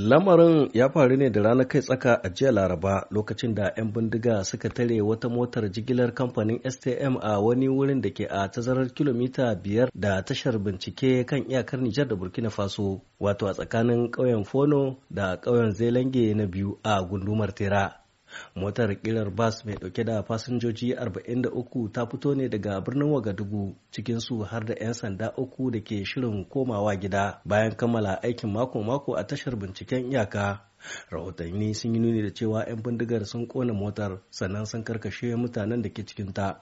Lamarin ya faru ne da ranar kai tsaka a jiya Laraba lokacin da 'yan bindiga suka tare wata motar jigilar kamfanin STM a wani wurin da ke a tazarar kilomita biyar da tashar bincike kan iyakar Nijar da Burkina Faso, wato a tsakanin ƙauyen Fono da ƙauyen Zelange na biyu a gundumar Tera. motar kilar bas mai dauke da fasinjoji 43 ta fito ne daga birnin wagadugu cikin su har da 'yan sanda uku da ke shirin komawa gida bayan kammala aikin mako-mako a tashar binciken iyaka rahotanni sun yi nuni da cewa 'yan bindigar sun kona motar sannan sun karkashe mutanen da ke cikinta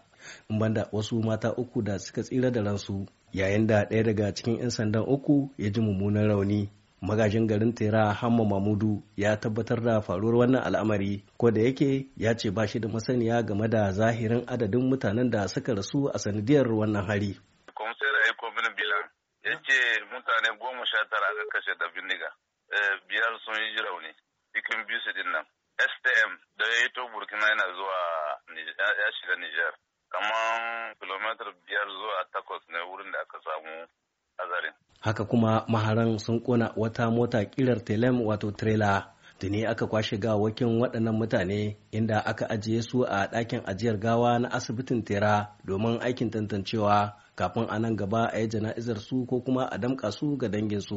banda wasu mata uku da suka tsira da ransu yayin da ɗaya daga cikin 'yan sandan uku ya ji mummunan rauni magajin garin tera hamma mamudu ya tabbatar da faruwar wannan al'amari ko da yake ya ce ba shi da masaniya game da zahirin adadin mutanen da suka rasu a sanadiyar wannan hari komisar aiko bin bilan ya ce mutane goma sha tara aka kashe da bindiga eh, biyar sun yi rauni cikin biyu din stm da ya yi to burkina yana zuwa ya shiga niger kamar kilomitar biyar zuwa takwas ne wurin da aka samu azarin. Haka kuma maharan sun kona wata mota kilar telem wato trela. Tuni aka kwashe gawakin waɗannan mutane inda aka ajiye su a ɗakin ajiyar gawa na asibitin tera domin aikin tantancewa kafin a nan gaba a yi jana'izar su ko kuma a damƙa su ga dangin su.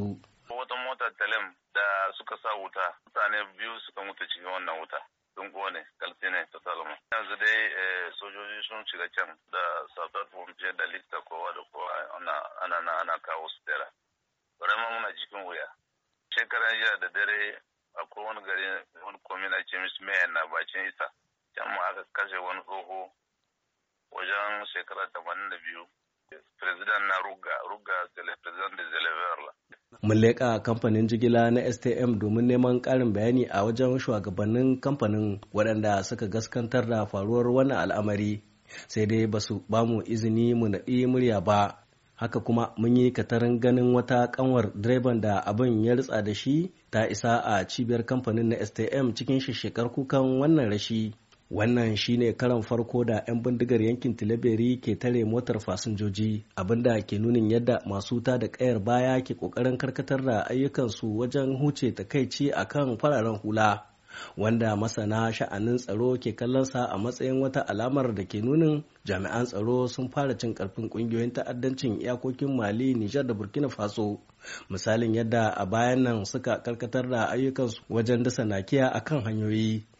Wata mota telem da suka sa wuta, mutane biyu suka mutu cikin wannan wuta. sun kone kalsine ta salama yanzu dai eh, sojoji sun shiga can da sautar fomce da lista kowa da kowa ana na ana kawo su tera ma muna jikin wuya shekaran jiya da dare akwai wani gari wani komina ce miss mayan na bacin isa can mu aka kashe wani tsoho wajen shekara tamanin da biyu president na ruga ruga zele president da zeleverla Mun leƙa kamfanin jigila na STM domin neman ƙarin bayani a wajen shugabannin kamfanin waɗanda suka gaskantar da faruwar wannan al'amari sai dai ba su bamu izini mu naɗi murya ba. Haka kuma mun yi katarin ganin wata kanwar direban da abin ya ritsa da shi ta isa a cibiyar kamfanin na STM cikin shishekar kukan wannan rashi. wannan shine karan farko da 'yan bindigar yankin tileberi ke tare motar fasinjoji abinda ke nunin yadda masu ta da kayar baya ke kokarin karkatar da ayyukansu wajen huce takaici a kan fararen hula wanda masana sha'anin tsaro ke kallonsa a matsayin wata alamar da ke nunin jami'an tsaro sun fara cin karfin kungiyoyin ta'addancin iyakokin mali nijar da burkina faso misalin yadda a bayan nan suka karkatar da ayyukansu wajen dasa nakiya akan hanyoyi